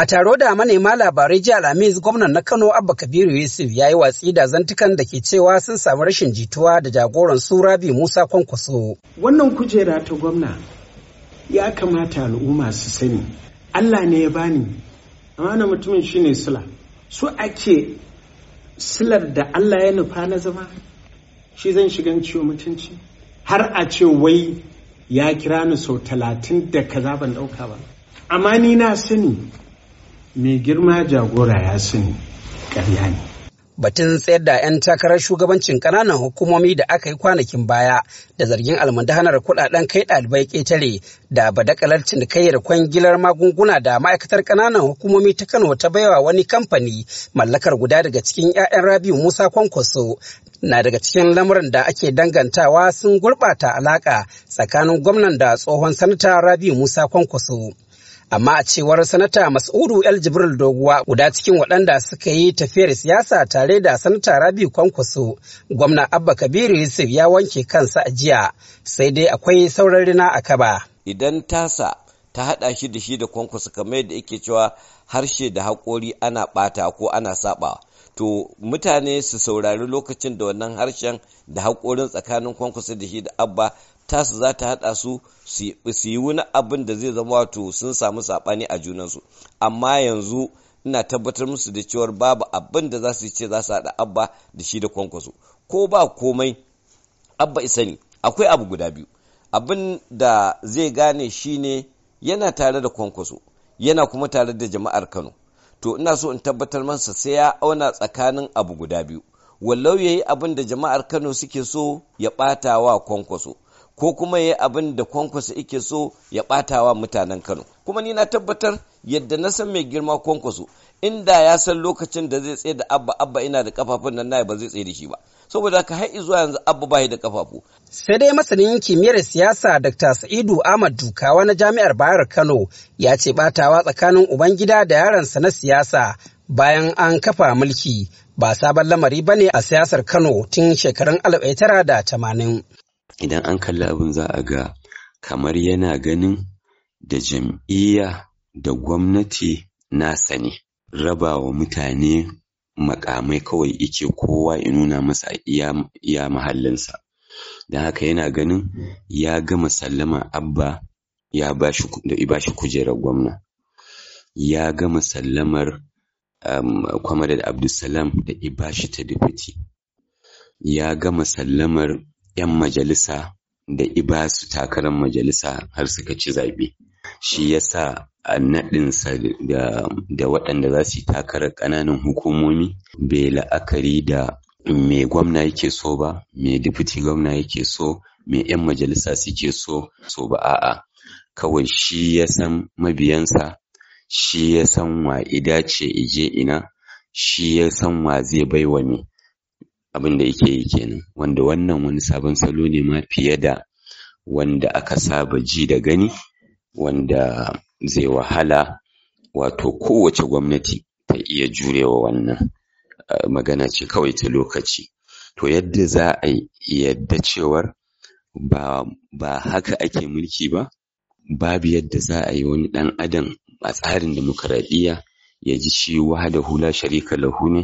A taro da manema labarai jiya Alhamis gwamnan na Kano Abba Kabiru Yusuf ya yi watsi da zantukan da ke cewa sun samu rashin jituwa da jagoran su Rabi Musa Kwankwaso. Wannan kujera ta gwamna ya kamata al'umma su sani. Allah ne ya bani. Amma na mutumin shi ne sula. Su ake silar da Allah ya nufa na zama. Shi zan shiga ciwo mutunci. Har a ce wai ya kira ni sau talatin da kaza ban ɗauka ba. Amma ni na sani mai girma jagora ya sani ƙarya ne batun tsayar da 'yan takarar shugabancin ƙananan hukumomi da aka yi kwanakin baya da zargin almundahanar kuɗaɗen kai ɗalibai ƙetare da badakalar cinikayyar kwangilar magunguna da ma'aikatar ƙananan hukumomi ta kano ta baiwa wani kamfani mallakar guda daga cikin 'ya'yan rabiu musa kwankwaso na daga cikin lamuran da ake dangantawa sun gurɓata alaƙa tsakanin gwamnan da tsohon sanata rabiu musa kwankwaso amma a cewar sanata mas'udu el jibril doguwa guda cikin waɗanda suka yi tafiyar siyasa tare da sanata rabi kwankwaso gwamna abba kabiru yusuf ya wanke kansa a jiya sai dai akwai sauran rina a kaba idan tasa ta haɗa shi da shi da kwankwaso kamar yadda yake cewa harshe da haƙori ana ɓata ko ana saɓa to mutane su saurari lokacin da wannan harshen da haƙorin tsakanin kwankwasa da shi da abba tasu za ta haɗa su su yi wani abin da zai zama wato sun samu saɓani a junansu amma yanzu ina tabbatar musu da cewar babu abin da za su ce za su haɗa abba da shi da kwankwaso ko ba komai abba isa ne, akwai abu guda biyu abin da zai gane shine yana tare da kwankwaso yana kuma tare da jama'ar kano to ina so in tabbatar masa sai ya auna tsakanin abu guda biyu wallau ya yi abin da jama'ar kano suke so ya ɓata wa kwankwaso ko kuma ya yi abin da kwankwaso ike so ya ɓata wa mutanen kano kuma ni na tabbatar yadda na san mai girma kwankwaso inda ya san lokacin da zai tsaye da abba abba ina da kafafun nan na ba zai tsaye da shi ba saboda haka har zuwa yanzu abu bai da kafafu sai dai masanin kimiyyar siyasa dr sa'idu ahmad dukawa na jami'ar bayar kano ya ce batawa tsakanin ubangida da yaransa na siyasa bayan an kafa mulki ba sabon lamari ba ne a siyasar kano tun shekarun tamanin. idan an kalli abin za a ga kamar yana ganin da jam'iyya da gwamnati na ne raba wa mutane makamai kawai yake kowa ya nuna masa iya mahallinsa don haka yana ganin ya gama sallama abba ya ba shi kujerar gwamna ya gama sallamar kwamar um, kwamadar abdulsalam da ibashi ta dubiti ya gama sallamar 'yan majalisa da ibasu takarar majalisa har suka ci zaɓe shi ya sa A naɗinsa da waɗanda za su yi takarar ƙananan hukumomi bai la'akari da me gwamna yake so ba me dipiti gwamna yake so me 'yan majalisa suke so so ba a'a kawai shi ya san mabiyansa shi ya san wa ce ije ina shi ya san wa zai baiwa ne abin da yake yi kenan wanda wannan wani sabon salo ne ma fiye da wanda aka saba ji da gani wanda zai wahala wato kowace gwamnati ta iya jurewa wannan eh, magana ce kawai ta lokaci to yadda za a yadda cewar ba ba haka ake mulki ba babu yadda za a yi wani ɗan adam a tsarin dimokuraɗiyya ya ji shi da hula sharika lahu ne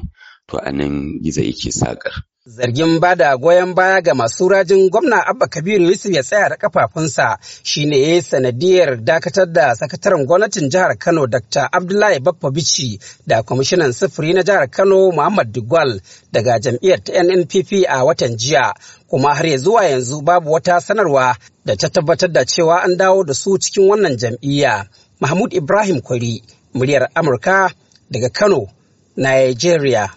to a nan gizo yake saƙar. Zargin ba da goyon baya ga masu rajin gwamna Abba Kabiru Yusuf ya tsaya da kafafunsa shine ya sanadiyar dakatar da sakataren gwamnatin jihar Kano Dr. Abdullahi Baffa Bichi da kwamishinan sufuri na jihar Kano Muhammad Dugwal daga jam'iyyar ta NNPP a watan jiya kuma har ya zuwa yanzu babu wata sanarwa da ta tabbatar da cewa an dawo da su cikin wannan jam'iyya. Mahmud Ibrahim Kwari, muryar Amurka daga Kano, Nigeria.